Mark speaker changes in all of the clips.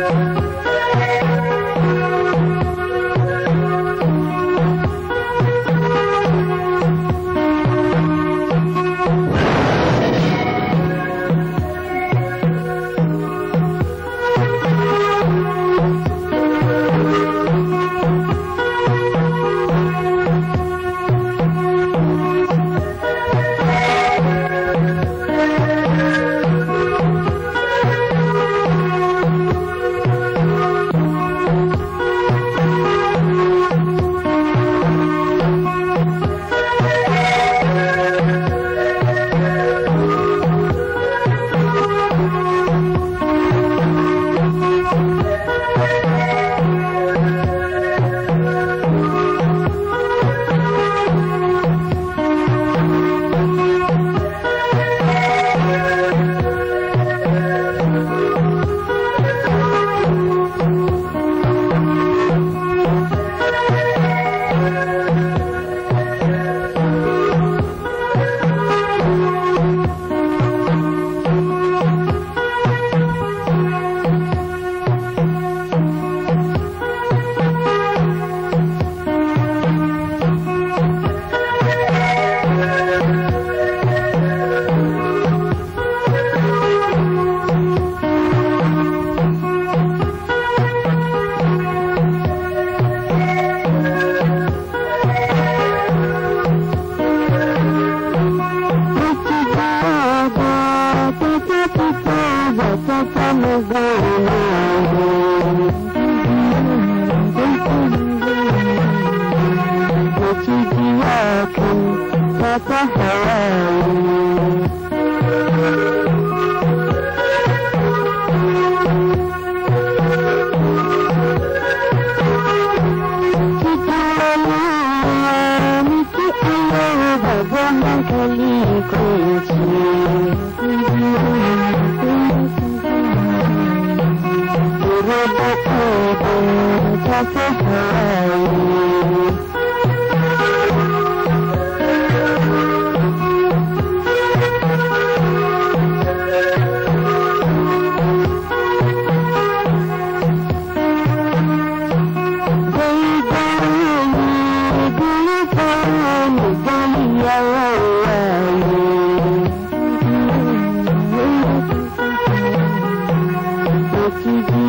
Speaker 1: Thank you.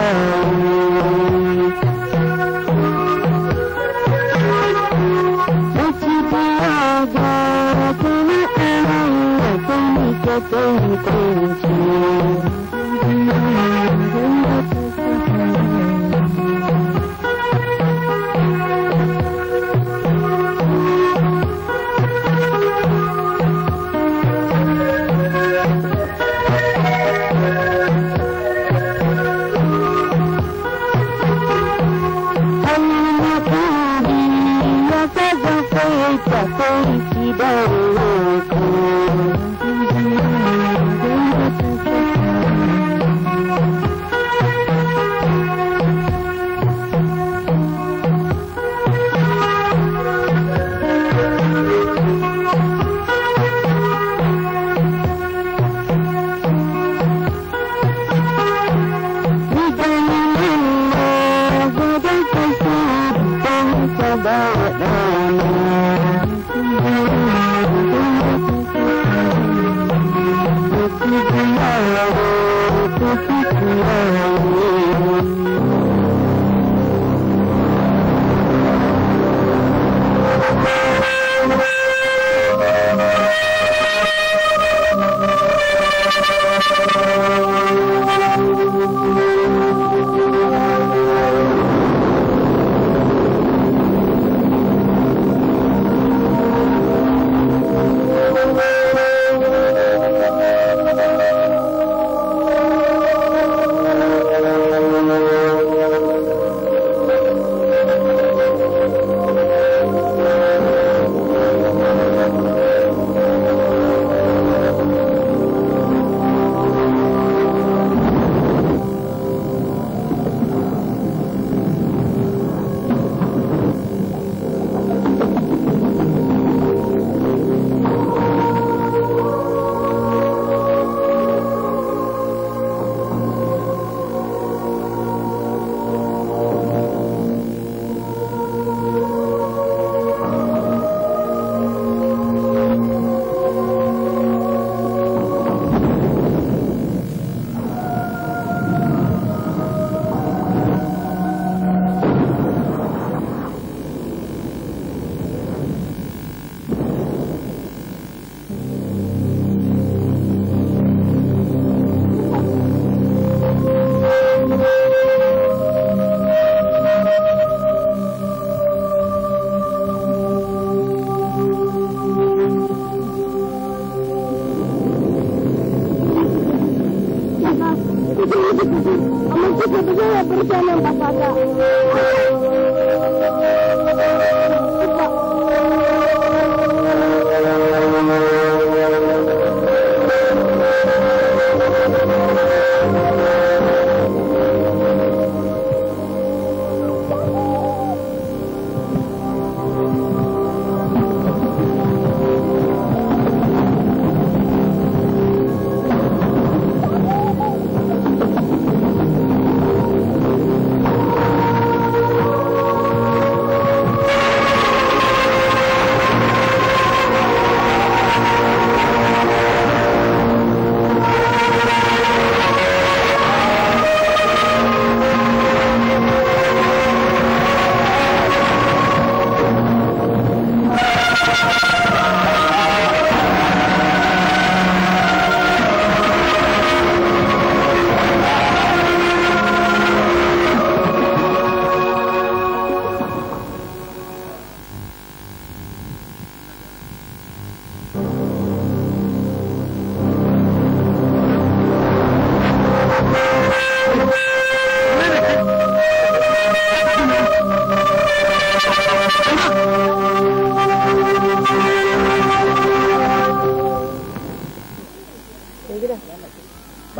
Speaker 1: Música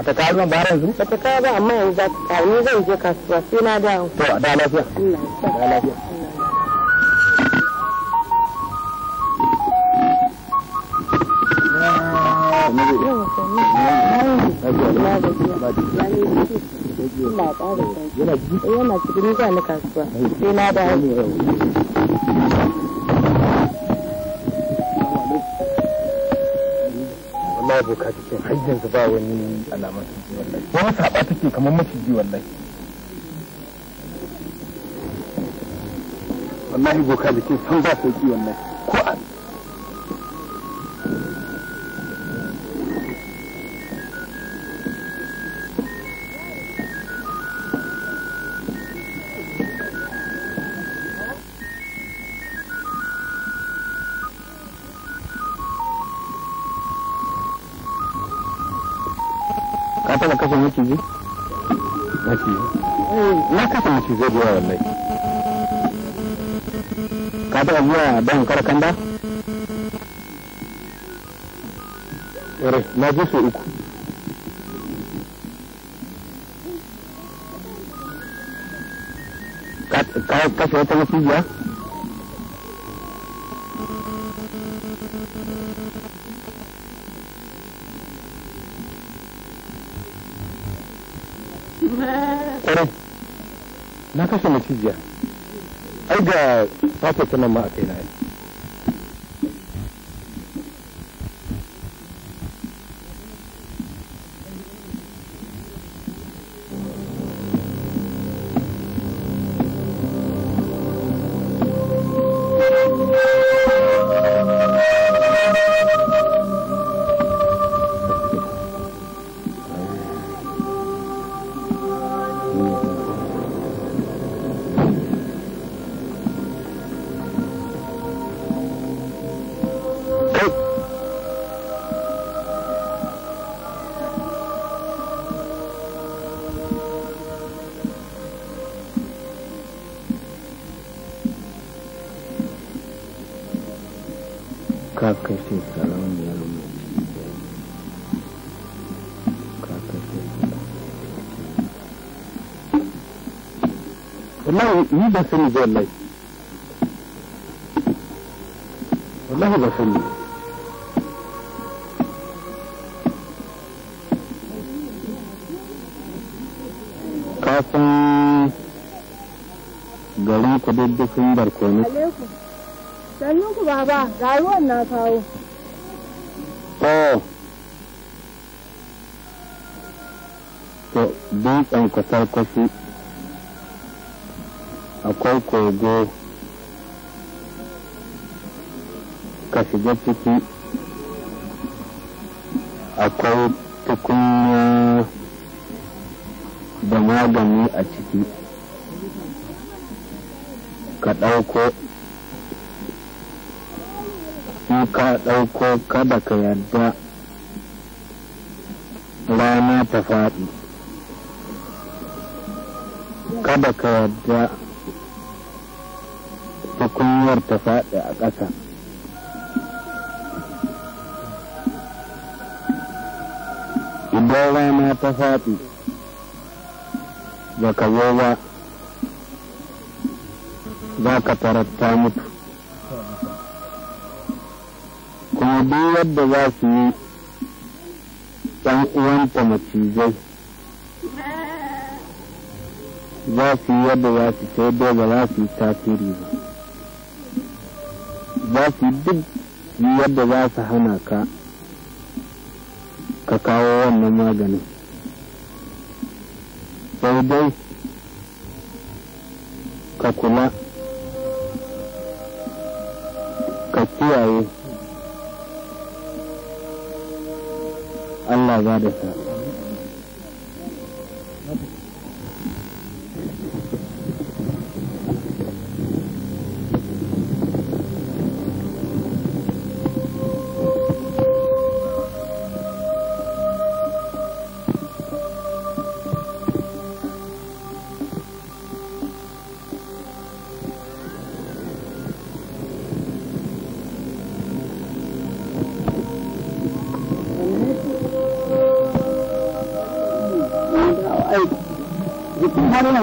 Speaker 1: ta kawo ba yanzu ba ta kawo ba amma yanzu za ta kawo ni zan je kasuwa sai na dawo to da lafiya da lafiya yana cikin zuwa na kasuwa sai na dawo babu ka cikin har ba wani alamar ciki wallahi wani saba take kamar mace maciji wallahi wallahi boka jikin san ba sauki wallahi ko a zai biya wallahi ka taɓa zuwa ban karakanda na je kashe wata na kashe macijiya ai ga sake ma a kai na yi والله مين ba sani زي wallahi والله ba sani ka san garin ku daddafin barkoni ku baba ga na kawo to dutsen akwai kogo ka shiga ciki akwai tukunya da magani a ciki ka ɗauko in ka ɗauko kada ka yarda rana ta faɗi kada ka yarda kowar ta faɗi a ƙasa idan rana ta faɗi ba ka zo ba za ka tarata mutu kuma duk yadda za su yi ɗan uwanta macizai za su yi yadda za su sai dai ba za su yi tasiri ba za su duk yadda za su hana ka ka kawo wannan maganin sai dai ka kula ka kiyaye Allah ba da sa'a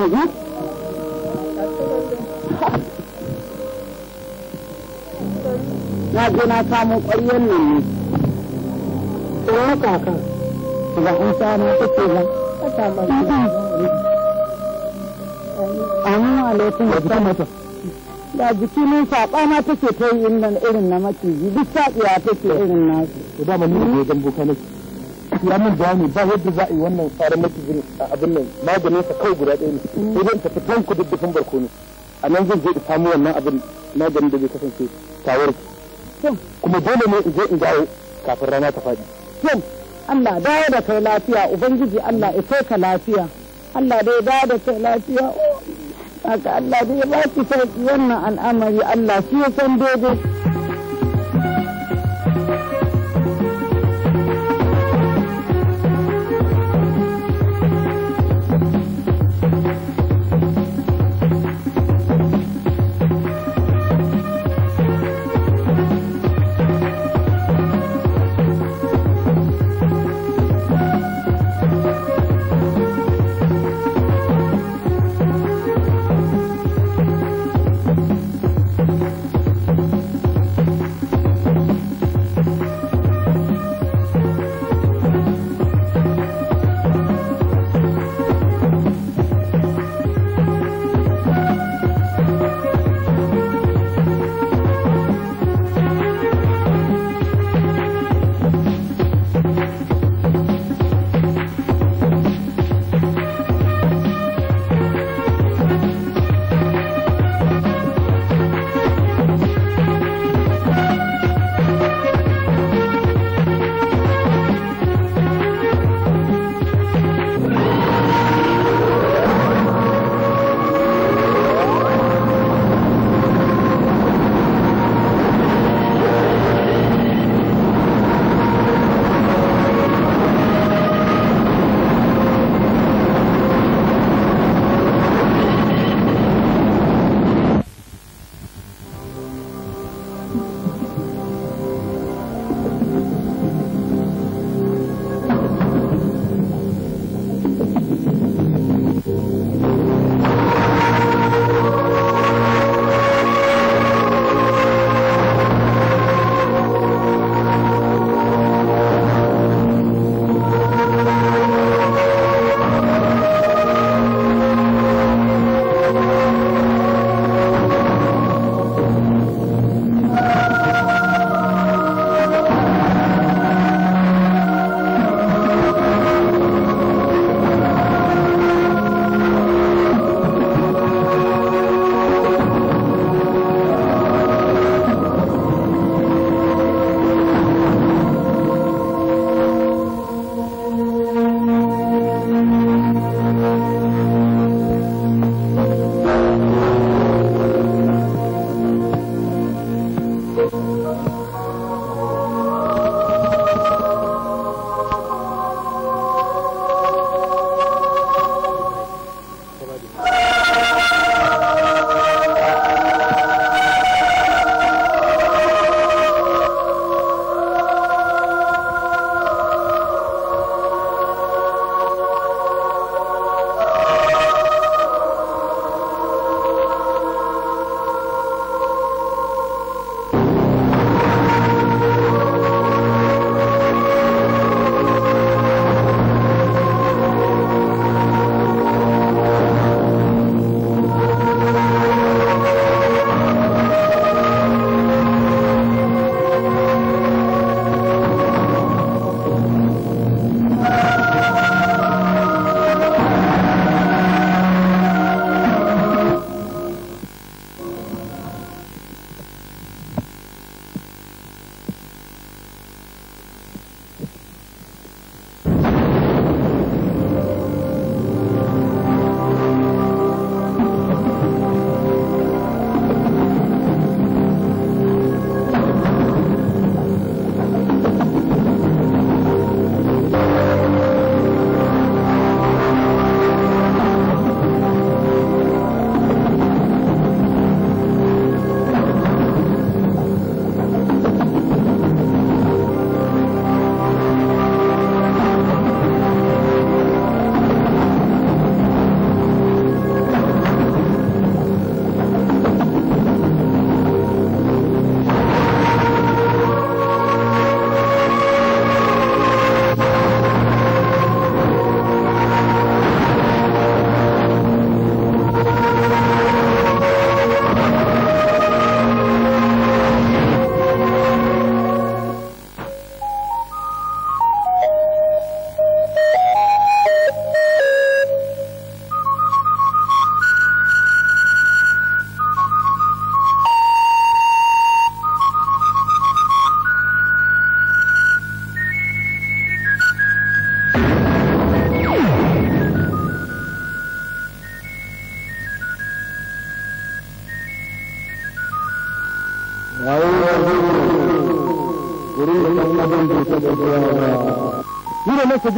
Speaker 1: mu ji na je na samu ƙwaryen nan ne kaka ba samu kuke ba da jiki saɓa ma take ta yi irin na maciji duk saɓiya take irin nasu. ne dan boka ya min bayani ba yadda za a yi wannan tsarin na kizini a abin nan maganin sa kawai guda ɗaya ne sai zan tafi kan ku dubbin barkono a nan zan je in samu wannan abin maganin da zai kasance tawar kuma dole ne in je in dawo kafin rana ta faɗi. Allah dawo da kai lafiya ubangiji Allah iso ka lafiya Allah dai dawo da kai lafiya oh, haka Allah dai ya ba ki sauki wannan al'amari Allah shi ya san daidai.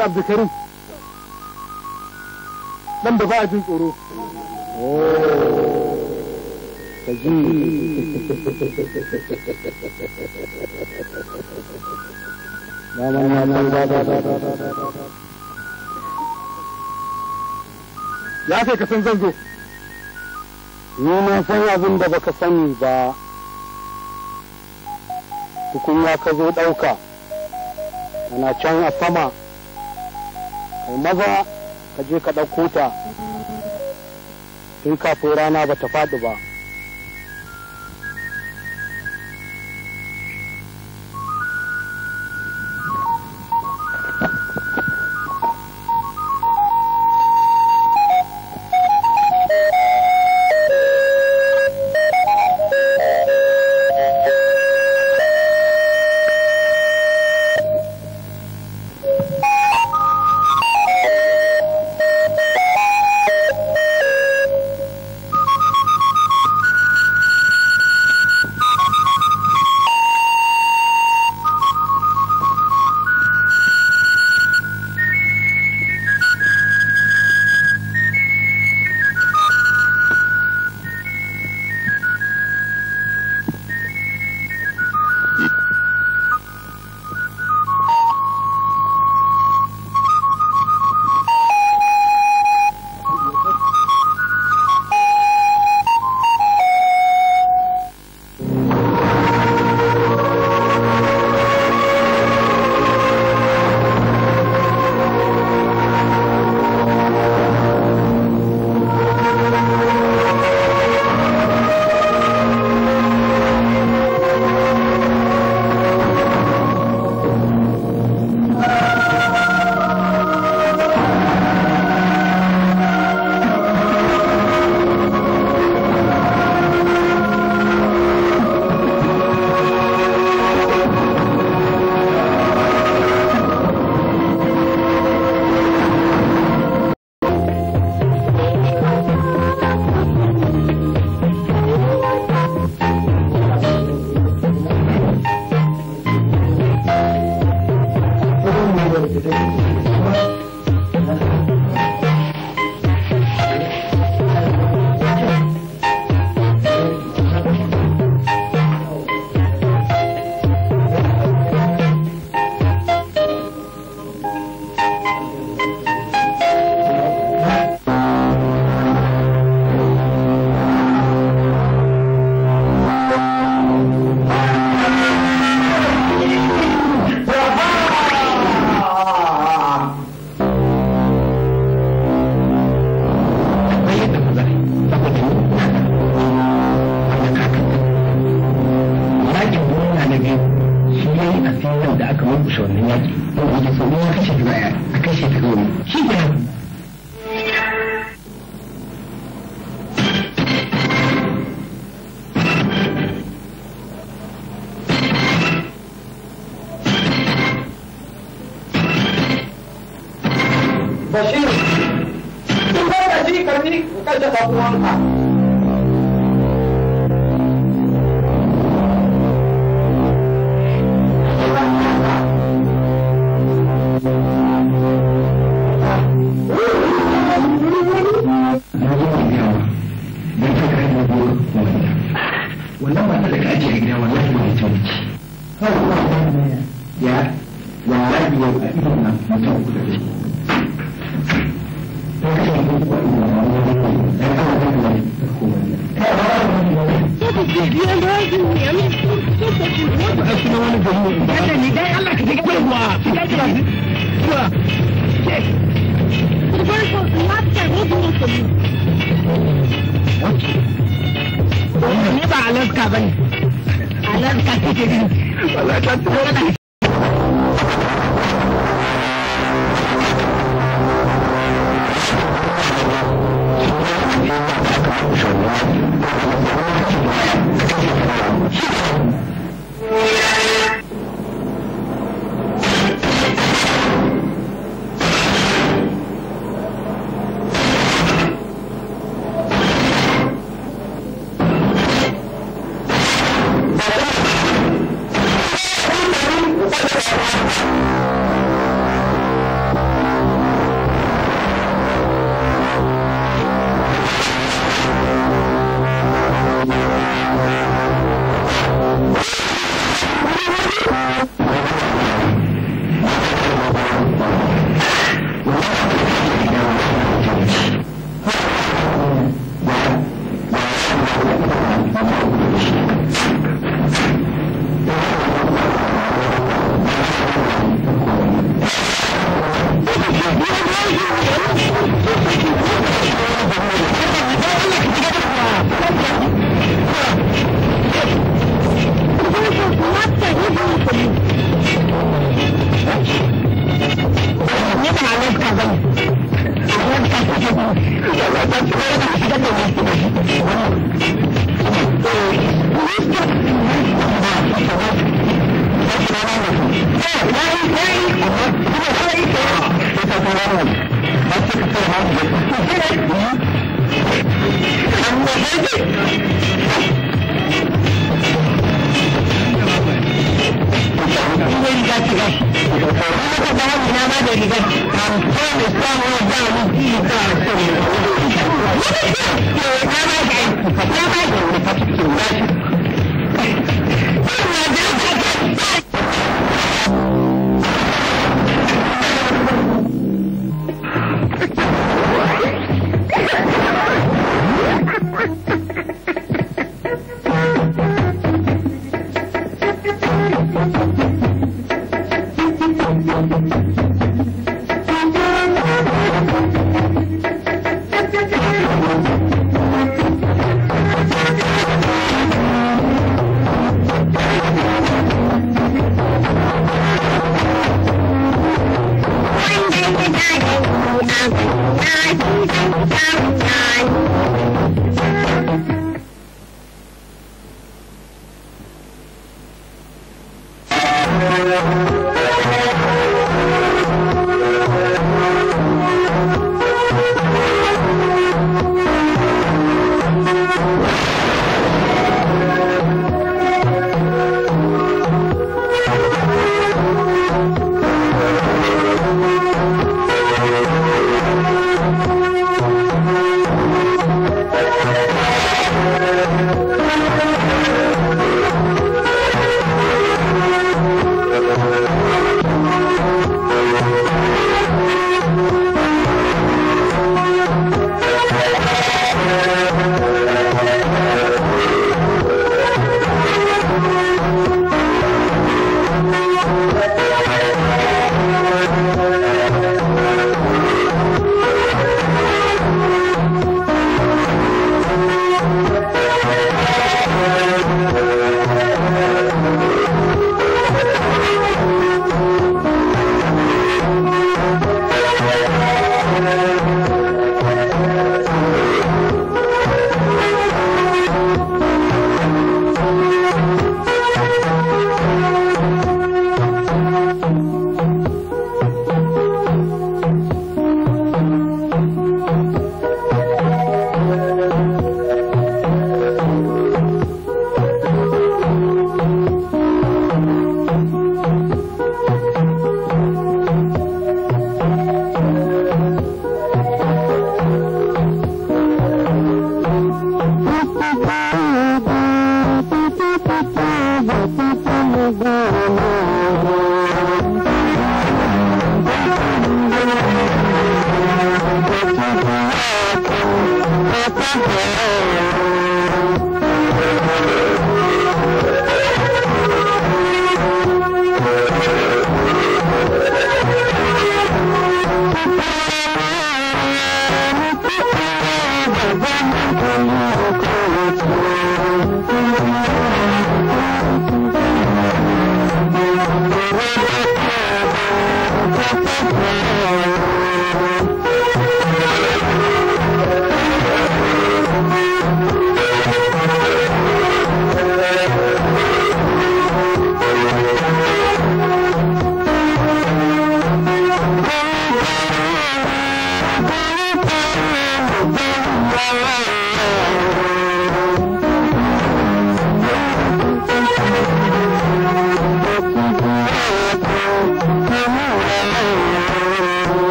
Speaker 1: Malam Abdulkarim. dan da ba a jin tsoro. Ya kai ka san zan zo. Ni na san abin da baka sani ba. Tukunya ka zo ɗauka. Ana can a sama kai maza ka je ka ɗauko ta tun kafin rana ba ta faɗi ba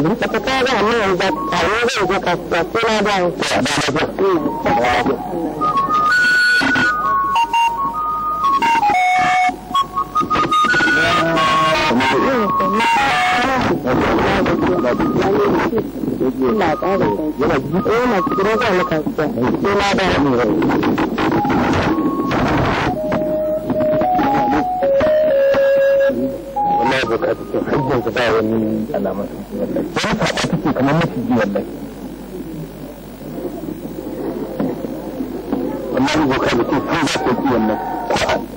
Speaker 1: yanzu ka fita ba ni yanzu a yanzu zan je kasuwa na ba ba ba ba kasuwa. Sai na da baka a cikin hajjin ba wani alamar wallahi kake kamar maciji wallahi wallahi da kan ka ci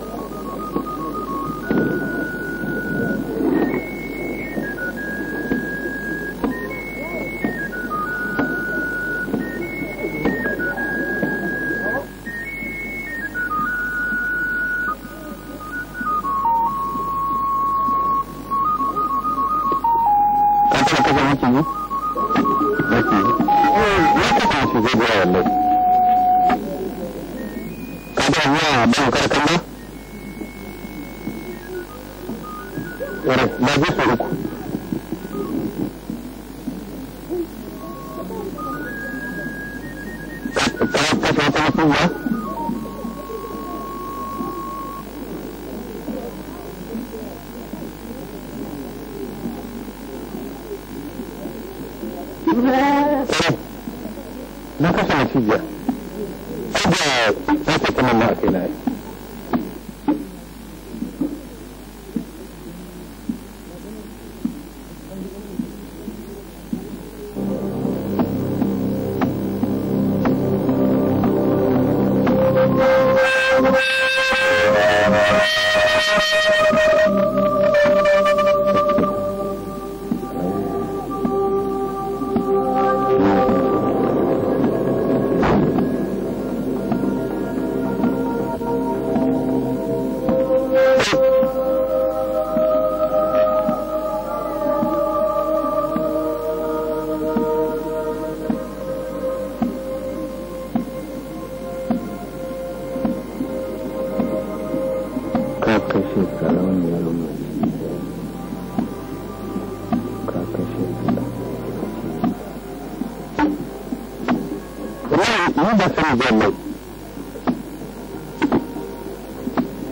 Speaker 1: bello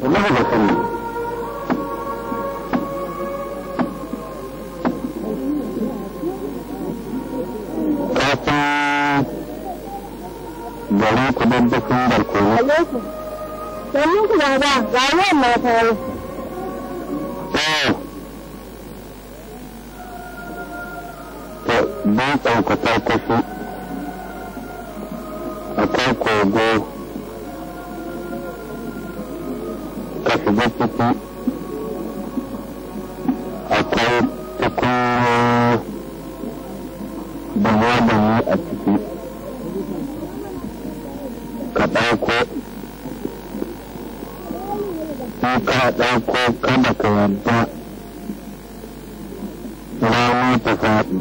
Speaker 1: wallahi ba sani kasa bari ku kwasu akwai kogo ka shiga ciki akwai tukunyo da magani a ciki ka ɗauko in ka ɗauko kada ka yarda rana ta faɗi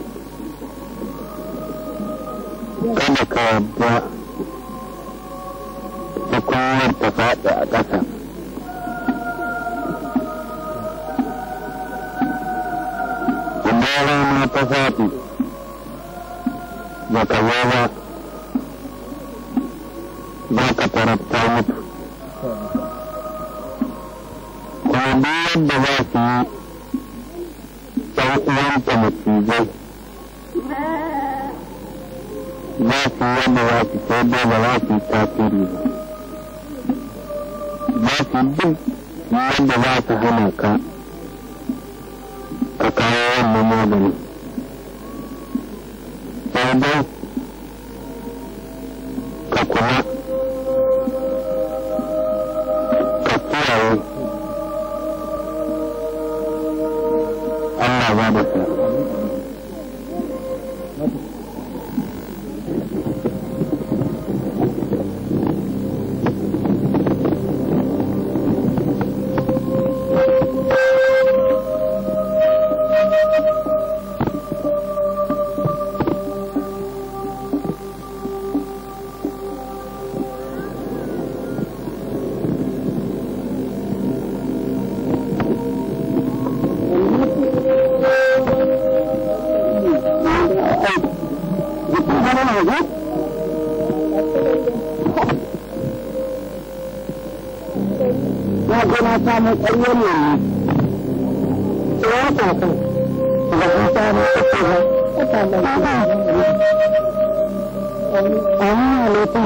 Speaker 1: kada ka yarda har ta faɗi a ƙasa amma rana ta faɗi ba ta ba za ka tarabta mutu kuma duk yadda za su yi ɗan uwanta za su yi yadda za su ce ba za su yi tasiri ba abin wanda za ka hana ka ka kawo wannan magani wani ɗan yanayi ya tafi da ya samu kasa ba ta da da ta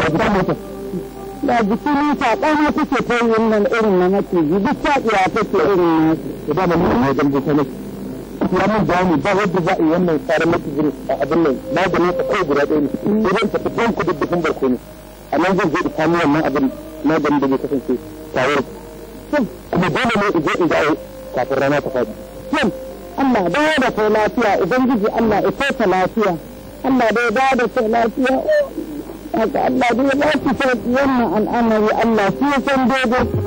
Speaker 1: ɗana take ta yin irin na maciji duk ta ɗiya take irin na su. Ba da mun ne don buka ne. Ya mun ba mu ba wadda za a yi wannan tsarin maciji a abin nan maganin ta kawai guda ɗaya ne. Idan ta fi ɗan kudu da kun barko ne. A nan zan zo da samu wannan abin maganin da bai kasance tare da kuma dole ne ije in dawo kafin rana ta faɗi yan Allah dawo da kai lafiya ubangiji Allah ya kai ta lafiya Allah dai dawo da kai lafiya haka Allah dai ya ba ki sauki wannan al'amari Allah shi ya san daidai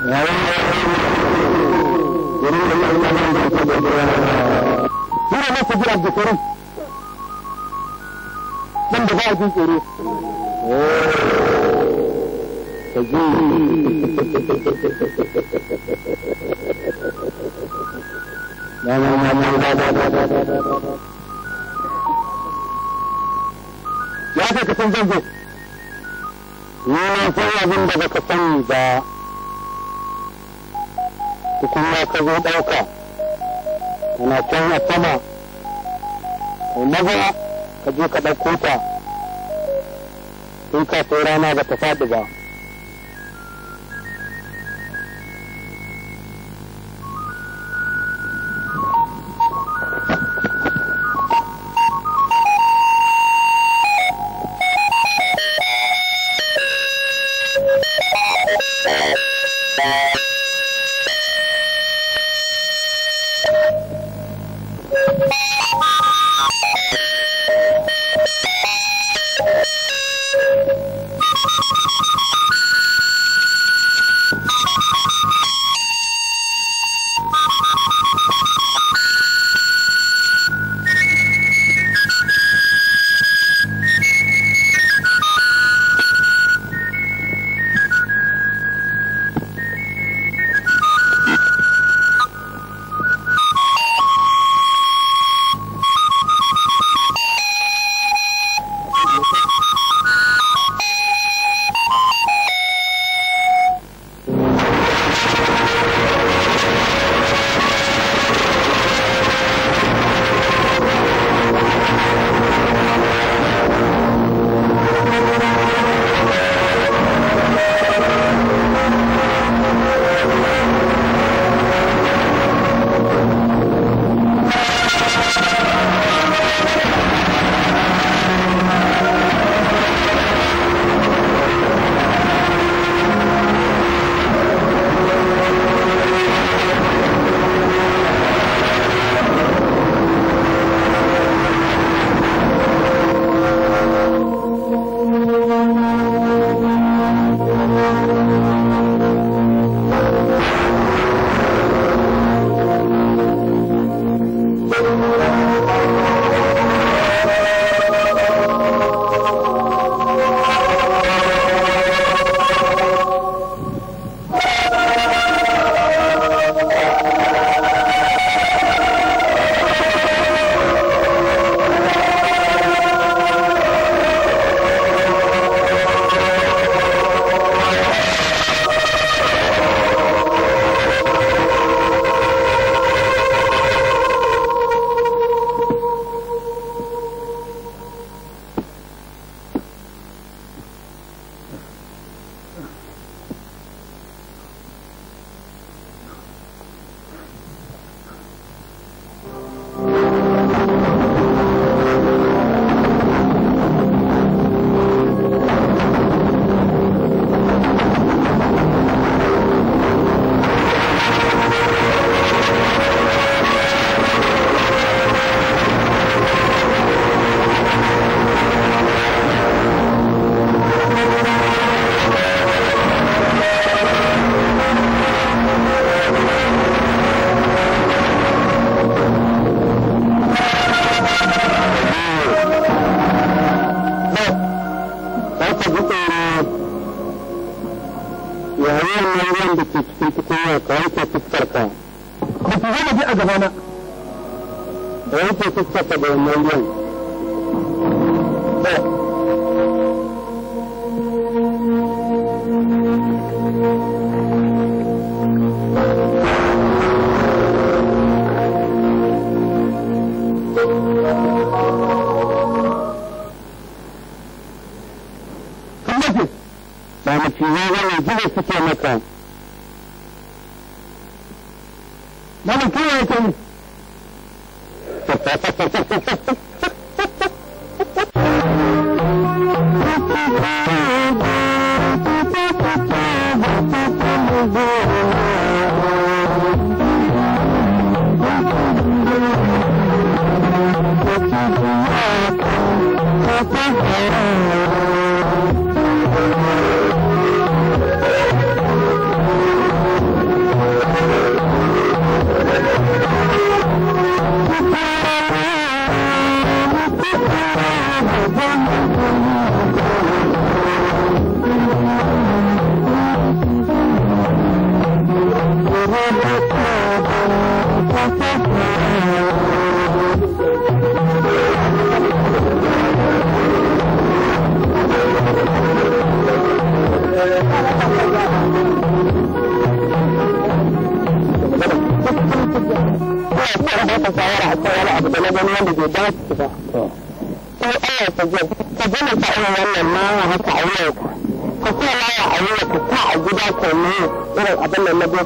Speaker 1: Muna masa jira da da ba Ka ji. Na na Ya Ni na san abin da baka sani ba. tukunna ka zo ɗauka tana can a sama kai maza ka je ka ɗauko ta tun kafin rana ba ta faɗi ba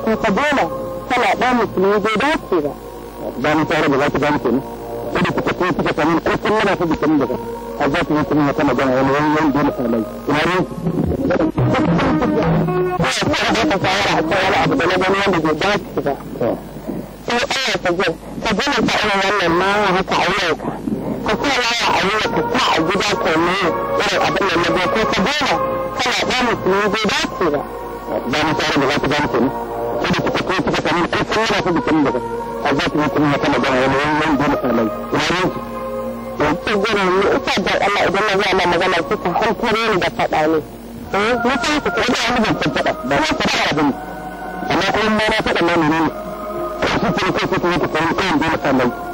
Speaker 1: ko ka dole kala ɗaya musulmi bai dace ba. Ba mu tare da za ki kenan. Kada ku samu ƙarfin mana ku bikin daga. A za ku kuma ta magana wani wani wani dole Ina ruwan Ina da Ina shawara Ina kan Ina abu Ina na Ina wanda Ina dace Ina Sai Ina ka Ina Ka Ina ta Ina wannan Ina haka a yau Ina Ka Ina lawa a yau Ina sa Ina gida Ina ne Ina abin Ina na Ina ko ka gina. Ina ɗaya Ina bai Ina ba. Ina mu Ina da Ina ki Ina kenan. da kuka kai kuka samu kai sun ba su da kan daga a za ku mutum mata magana wani wannan da misalai wani yanzu zan yi ita da Allah idan na zama magana kuka hantar ni da faɗa ne eh mutum ku kai da wani ban faɗa ba na faɗa ba ne amma kuma na faɗa ma ne ne su ce ko su ce ku kai kan da misalai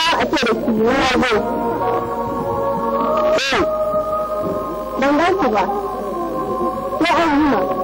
Speaker 1: a ce da shi na zo eh ban ba ko an yi ma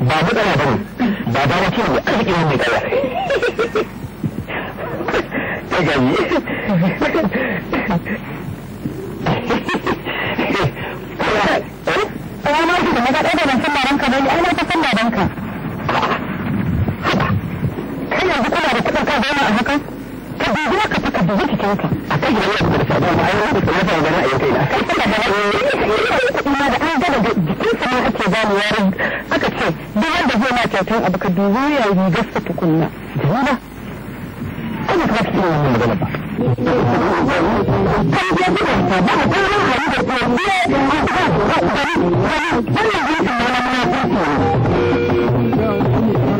Speaker 1: ba matsala ba ne ba ba wace ne an haƙi wani kaya ta gani Ai ma ji da na ɗaga ban san babanka ba ne, ai ma ta san babanka. Kai yanzu kuna da kuɗin ka zauna a hakan? Ka dubi maka ka dubi cikinka. A kan yi wani da ta ba ma yi wani da ta ba ma a yankai na. ne ina da kuɗi ma da an gada jikin sa ake gano yaran aka ce duk wanda zai ma kyautan abu ka dubi ya rigar sa tukunna jama'a kuma ka cikin wannan magana ba kan je gudun ta ba a gano hari da kuma biya a kuma gari gari wannan jinsin na na muna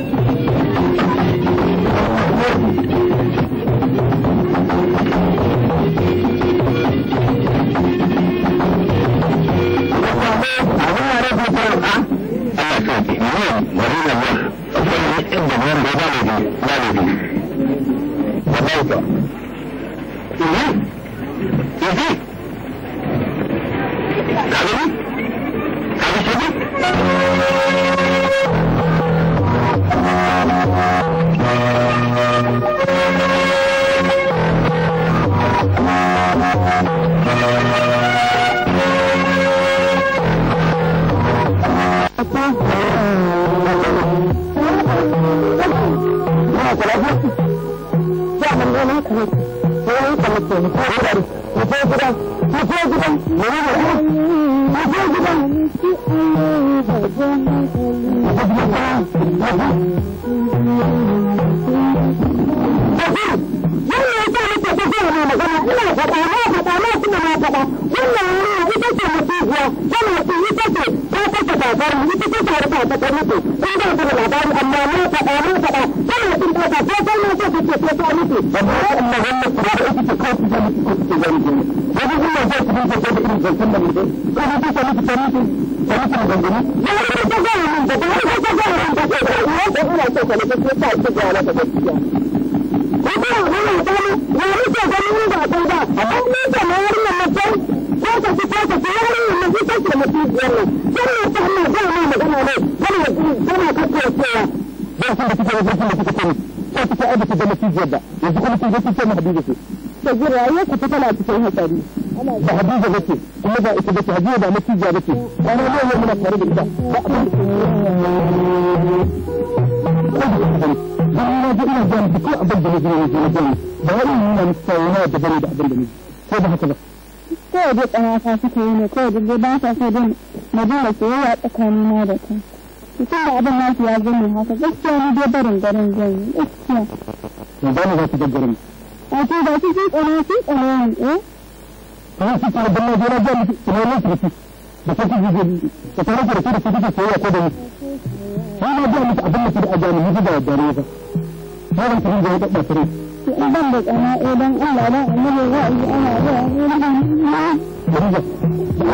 Speaker 1: da labari amma mun faɗa mun faɗa sai mutum ɗauka sai sai mun so su ce sai sai mutu. Amma Allah wannan kuma da kai su zai mutu ko Ya wani ta zai mun da kuma ta zai mun da sai ta ta ta ta ta ya sake mutunciyar nan yana ta hanyar zai mai magana ne yana yana kakkar cewa ba su da suke wajen da suka sani ta suke aibata da mutunciyar da yanzu kuma sun zai ce mahadi da su ta ji rayuwar ku ta tana cikin hatsari ba hadiza ba ce kuma ba ita ba ce hadiza ba mutunjiya ba ce ba na yau muna tare da ita ba a kan ba na ji ina jan duk abin da na ji na ji na ji ba wani nuna mutuwa yana da bane da abin da na ji ko ba haka ba kawai dai tsanata suke yi ne kawai dai ba ta so din na dinga soyayya tsakanin na da ta tun da abin nasu ya zama haka gaskiya ni dai barin garin zan yi gaskiya to ba ni za ki gaggare a ce ba ki ji tsana ki tsana ne eh kuma ki tsara dan na ga mu tsana ne ki da kake ji da tsara da kake ko da ni ba ma ga mu abin da kike a jami'i da dare ba ba ban tsara da ban da tsana idan don Allah don annabi za a yi ana zuwa ne da na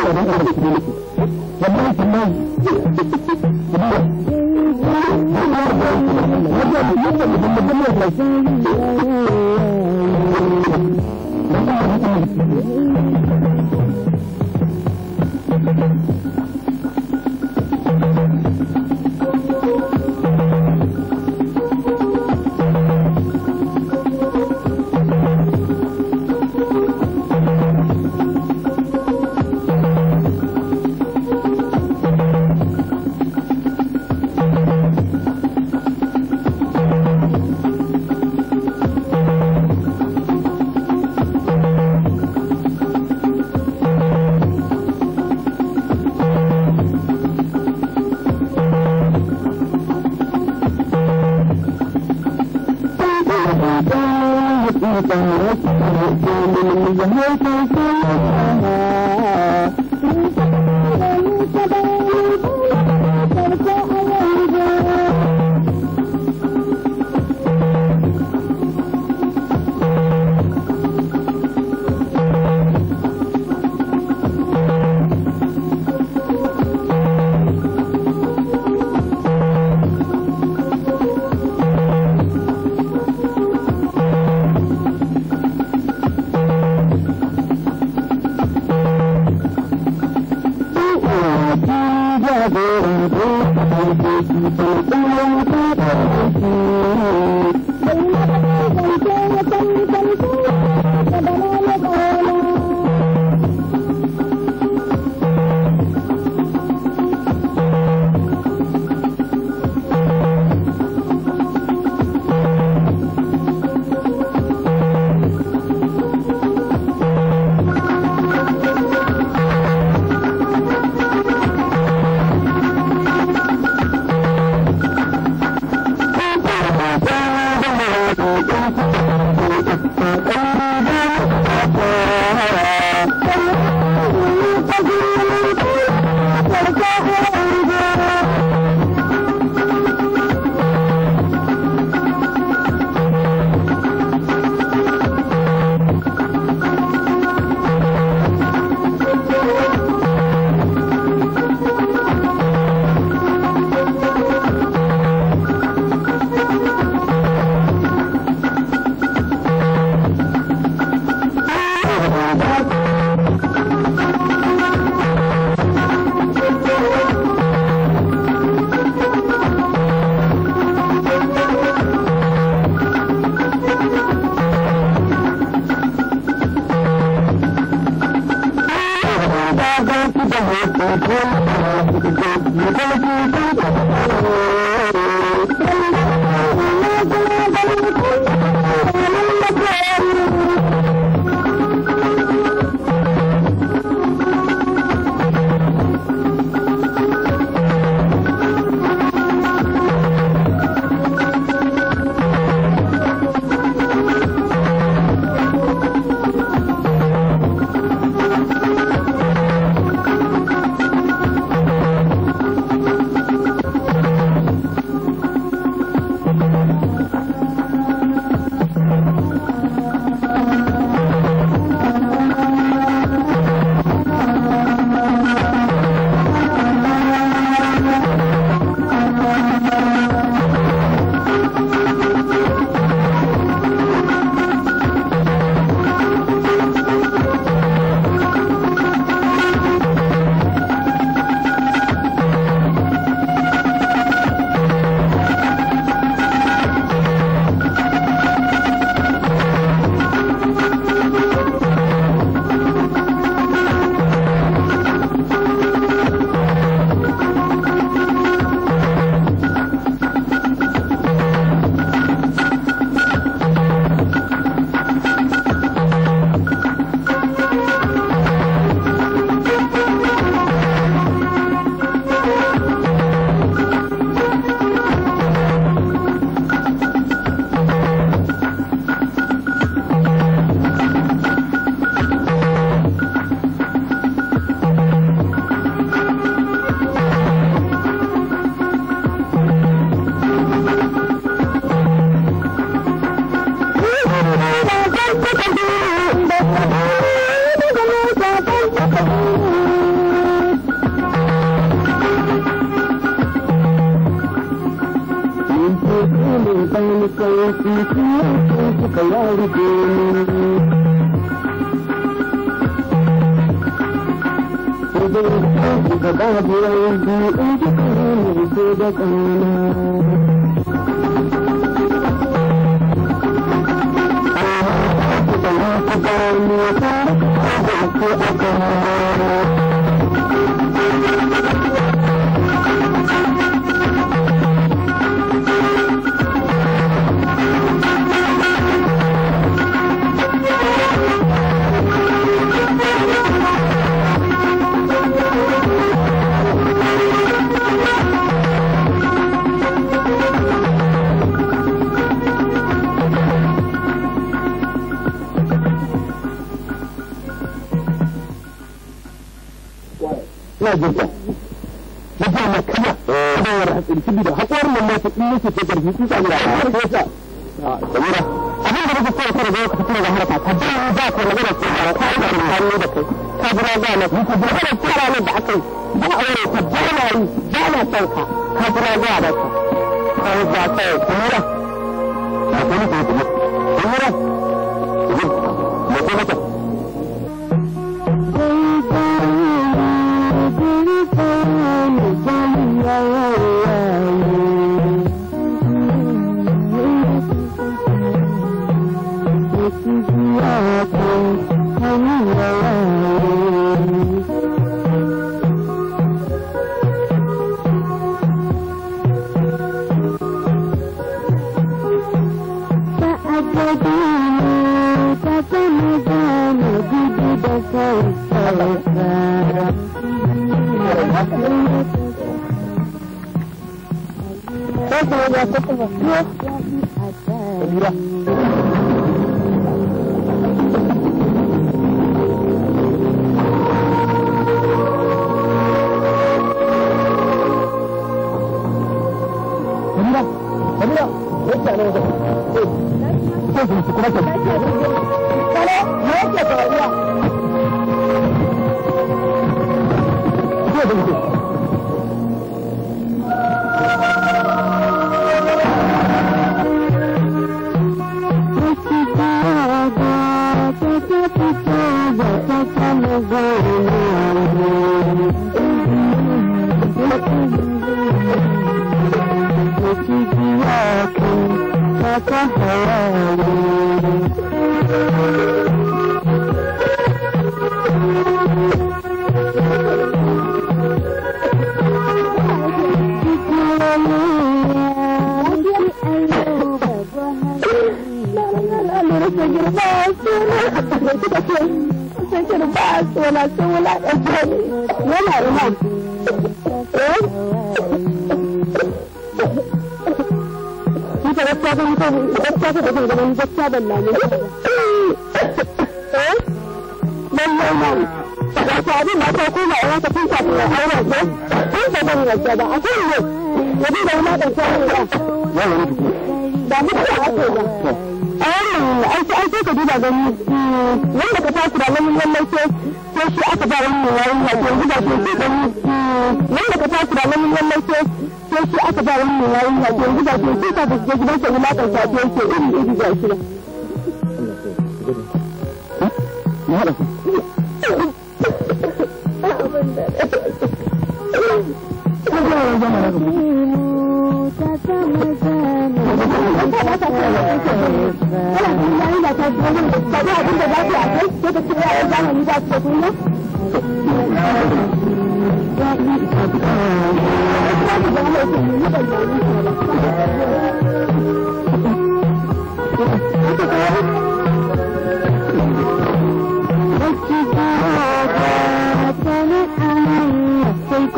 Speaker 1: That's what we look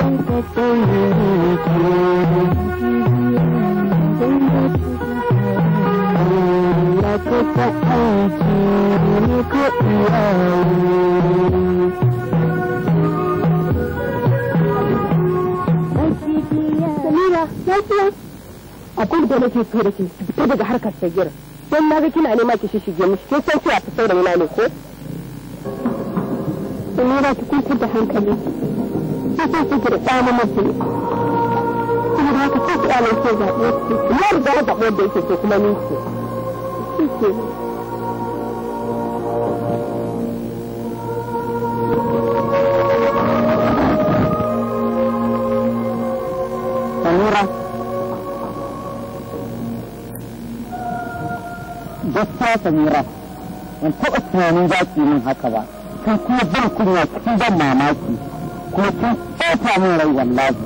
Speaker 1: Hãy subscribe cho kênh Ghiền Mì Gõ Để không bỏ lỡ những video hấp dẫn ta aiki ni ko iyali. Samira, lafiya? Akwai da nake so da ke fita daga harkar sagir. Don na ga kina nema ki shishige mishi, ke san cewa ne ko? Samira, ki kuntar da hankali. Ki san ki da tsama mafi. haka ta alaƙa zaɓe ki. da zaɓe da yake so kuma ni ce. Samura gaskiya Samura ban taɓa tunanin za min haka ba kai kuma ban kunya kin ban mamaki kuma kin ɓata min rai wallahi.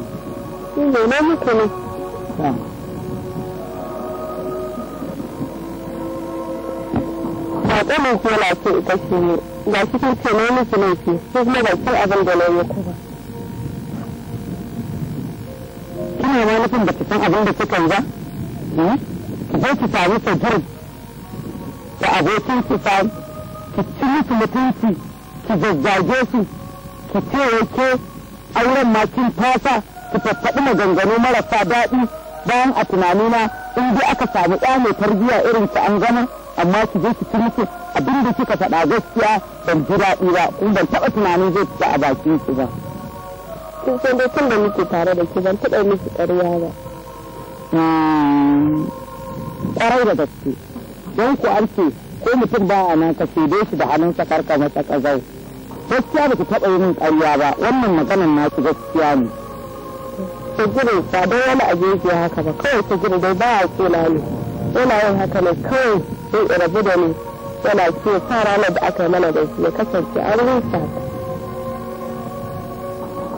Speaker 1: Ina na muku ne. saƙo mai ke lafi ita ce ne ga shi ce na miki laifi ko kuma ba kin abin da na yi ku ba. Kina ma nufin da san abin da kika yi ba? Hmm? Ki je ki sami sajir da abokin ki sami ki ci musu mutunci ki zazzage su ki ce ke auren ma kin fasa ki tattaɓi maganganu marasa daɗi bayan a tunanina in dai aka samu ɗa mai tarbiyya irin ki an gama. amma su je su kuma abin da kika faɗa gaskiya ban ji daɗi ba kuma ban taɓa tunanin zai fita a bakin su ba. Kun san dai tun da muke tare da ke ban taɓa miki ƙarya ba. Hmm. Ƙwarai da gaske. Don ku an ce ko mutum ba a nan ka shaide shi da hannun sa na saka zai. Gaskiya ba ku taɓa yi min ƙarya ba wannan maganan nasu gaskiya ne. Ka gudu ba don wani abin haka ba kawai ka gudu dai ba a na ne. yana yin haka ne kawai sai rabu da ni yana ce sa ranar da aka mana da shi ya kasance an rusa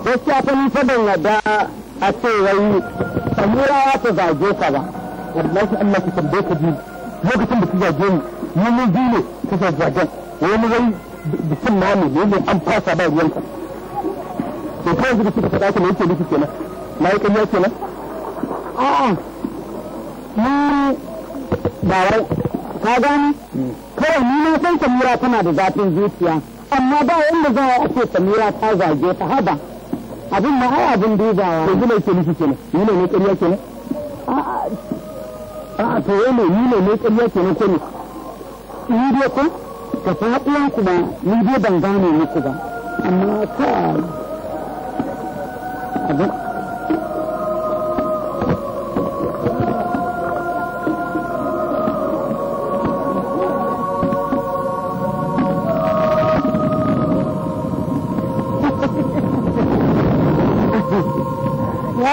Speaker 1: gaskiya fa ni fa ban yadda a ce wai samura ya ta zage ka ba wallahi Allah ki tambaye ka ji lokacin da ki zage ni ni mun ji ne ka sa zagen wani wai bikin na ne ne an fasa ba ruwan ka to ko yanzu kika faɗa ka ne yake miki kenan na yi ƙarya nan? a'a ni ba wai ka gani hmm. kawai ni na san samira tana da zafin zuciya amma ba inda za a ce samira ta zage ta haba abin ma ai abin dubawa to gina ke nufi kenan ni ne ne ƙarya kenan a to yau ne ni ne ne ƙarya kenan ko ne ni dai ko ka faɗuwan ku ba ni dai ban gane muku ba amma ka abin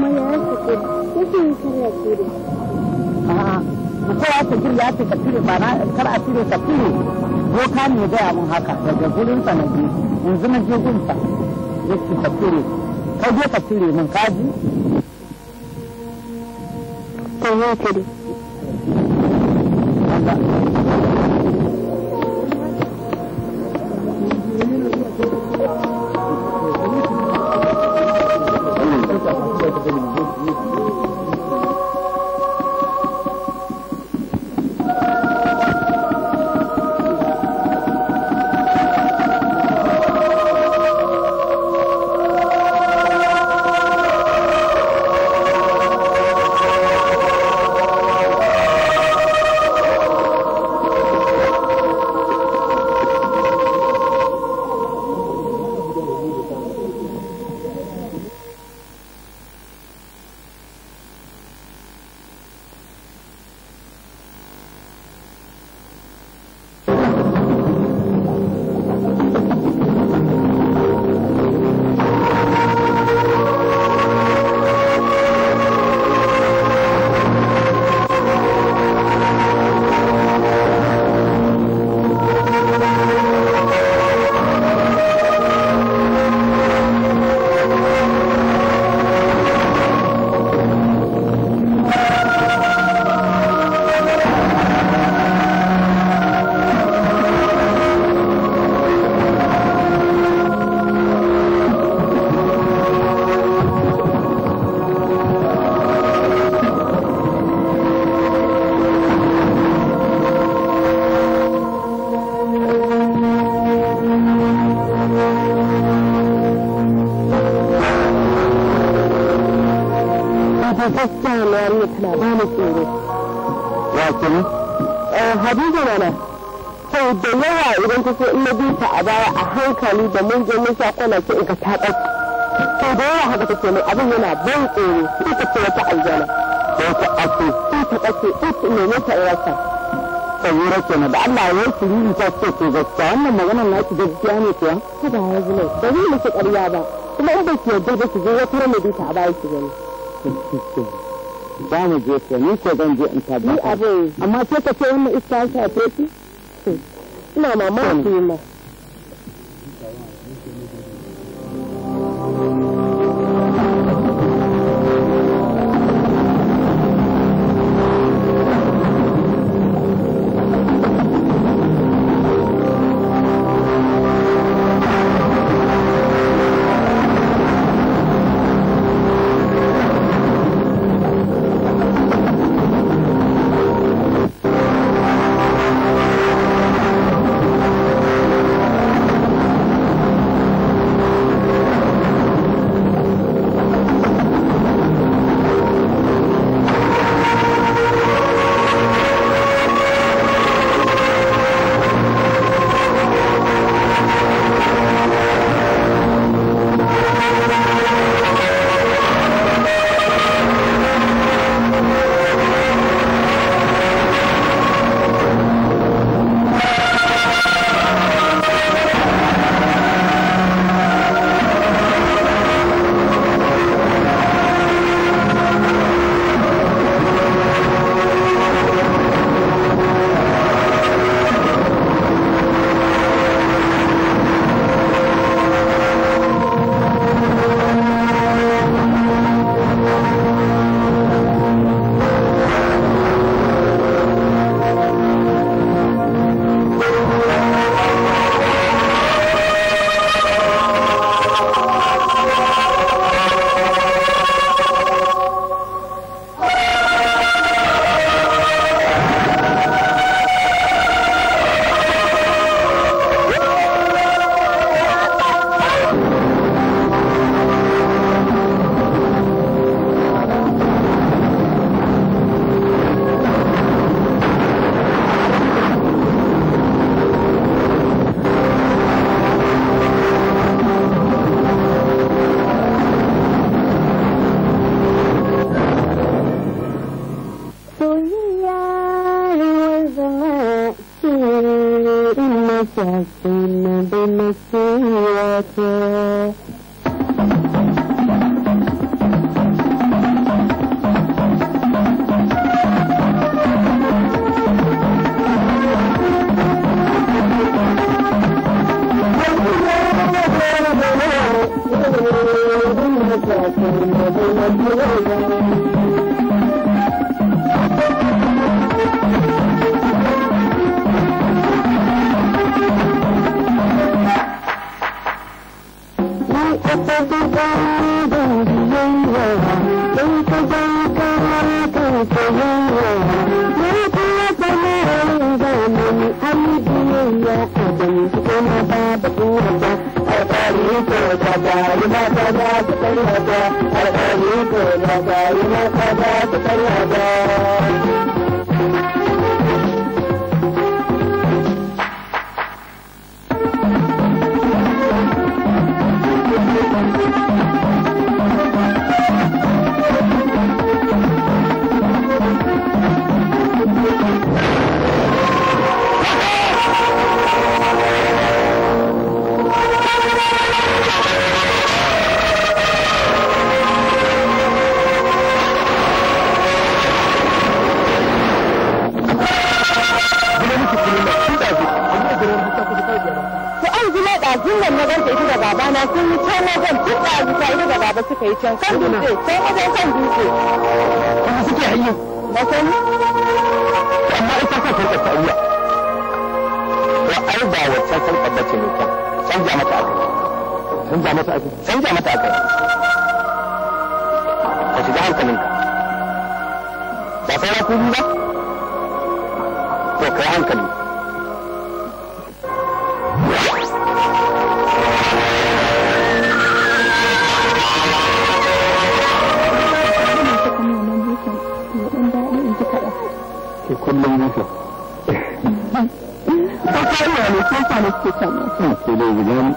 Speaker 1: kuma ya sake yake kare kire a'a ko ya sake ya sake kire ba na kar a cire ka kire boka ne gaya mun haka daga gurin na je yanzu na je gurin sa yake ka kire ka je ka kire mun kaji to ya kire hankali da mun je mun sha kwana ke in ka ta sai da yawa haka take mai abin yana ban tsoro sai ta ce wata aljana ta ake sai ta ake sai ta nemi ta rasa ke kenan da Allah ya yi sirri ta ce ko gaskiya wannan maganar naki gaskiya ne kuwa ta da ya zule ba zai miki ƙarya ba kuma in ba ki yarda ba ki je wata rana bi ta a baya ki gani za mu je ko ni ko zan je in tabbata ni abin amma sai ka ce wannan iska ta ce ki ina mamaki ma ka san amma ita ta ai ba ce mai canja mata aka canja mata aka canja mata aka ka shiga ba sai ba kai hankali ce kullum wuta ba ne sun sa ne suke sun ce dai gidan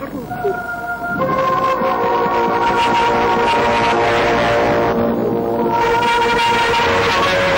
Speaker 1: Thank you. Thank you.